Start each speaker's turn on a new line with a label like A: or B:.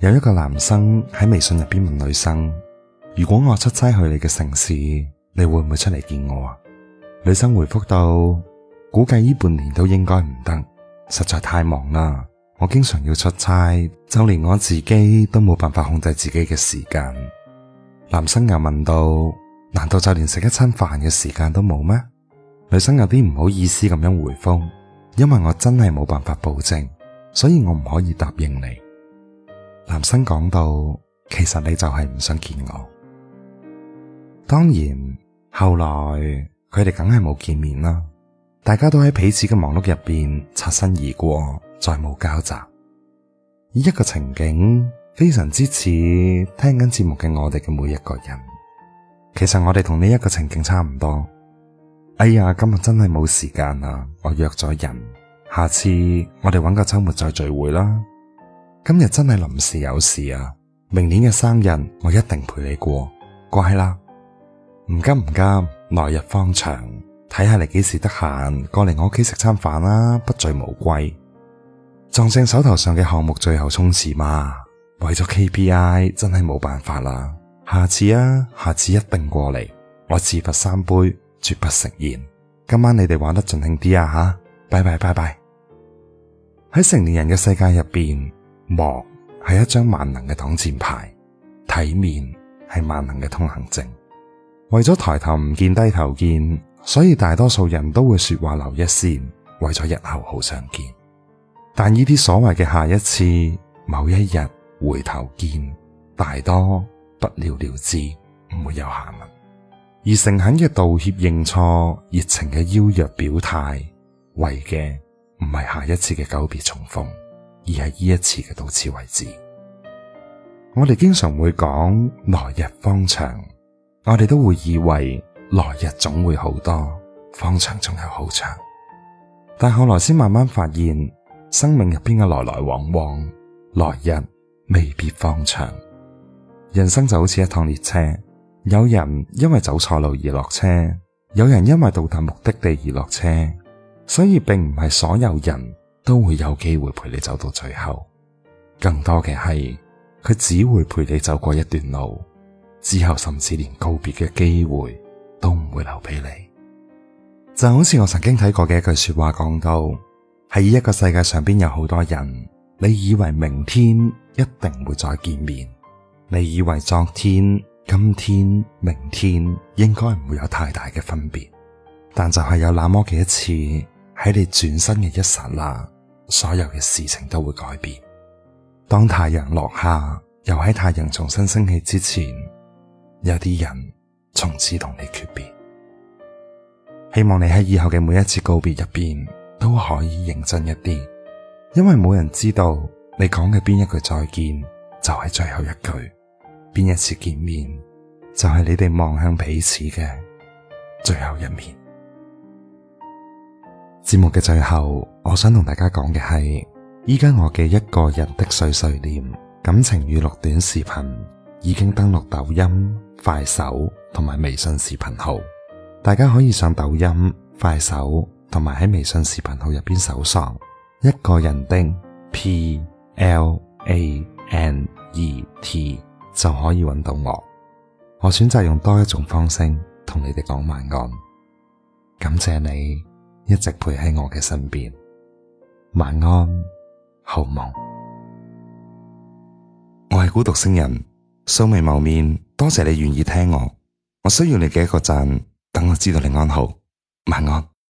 A: 有一個男生喺微信入邊問女生：如果我出差去你嘅城市，你會唔會出嚟見我啊？女生回覆到：估計呢半年都應該唔得，實在太忙啦。我經常要出差，就連我自己都冇辦法控制自己嘅時間。男生又問到：難道就連食一餐飯嘅時間都冇咩？女生有啲唔好意思咁樣回覆，因為我真係冇辦法保證，所以我唔可以答應你。男生講到，其實你就係唔想見我。當然，後來佢哋梗係冇見面啦，大家都喺彼此嘅忙碌入邊擦身而過，再冇交集。以一個情景非常之似聽緊節目嘅我哋嘅每一個人，其實我哋同呢一個情景差唔多。哎呀，今日真係冇時間啦，我約咗人，下次我哋揾個周末再聚會啦。今日真係臨時有事啊！明年嘅生日我一定陪你過，乖啦。唔急唔急，來日方長，睇下你幾時得閒過嚟我屋企食餐飯啦，不醉無歸。撞正手頭上嘅項目最後衝刺嘛，為咗 KPI 真係冇辦法啦。下次啊，下次一定過嚟，我自罰三杯，絕不食言。今晚你哋玩得盡興啲啊吓！拜拜拜拜。喺成年人嘅世界入邊。莫係一張萬能嘅擋箭牌，體面係萬能嘅通行證。為咗抬頭唔見低頭見，所以大多數人都會說話留一線，為咗日後好相見。但呢啲所謂嘅下一次、某一日回頭見，大多不了了之，唔會有下文。而誠懇嘅道歉、認錯、熱情嘅邀約、表態，為嘅唔係下一次嘅久別重逢。.而係呢一次嘅到此為止，我哋經常會講來日方長，我哋都會以為來日總會好多，方長仲有好長。但後來先慢慢發現，生命入邊嘅來來往往，來日未必方長。人生就好似一趟列車，有人因為走錯路而落車，有人因為到達目的地而落車，所以並唔係所有人，都會有機會陪你走到最後，更多嘅係佢只會陪你走過一段路，之後甚至連告別嘅機會都唔會留俾你。就好似我曾經睇過嘅一句話說話講到，喺呢一個世界上邊有好多人，你以為明天一定會再見面，你以為昨天、今天、明天應該唔會有太大嘅分別，但就係有那麼幾一次喺你轉身嘅一剎那。所有嘅事情都會改變。當太陽落下，又喺太陽重新升起之前，有啲人從此同你訣別。希望你喺以後嘅每一次告別入邊都可以認真一啲，因為冇人知道你講嘅邊一句再見就係最後一句，邊一次見面就係你哋望向彼此嘅最後一面。節目嘅最後，我想同大家講嘅係，依家我嘅一個人的碎碎念感情語錄短視頻已經登錄抖音、快手同埋微信視頻號，大家可以上抖音、快手同埋喺微信視頻號入邊搜索一個人的 P L A N E T 就可以揾到我。我選擇用多一種方式同你哋講晚安，感謝你。一直陪喺我嘅身邊，晚安，好夢。我係孤獨星人，素未謀面，多謝你願意聽我。我需要你嘅一個讚，等我知道你安好。晚安。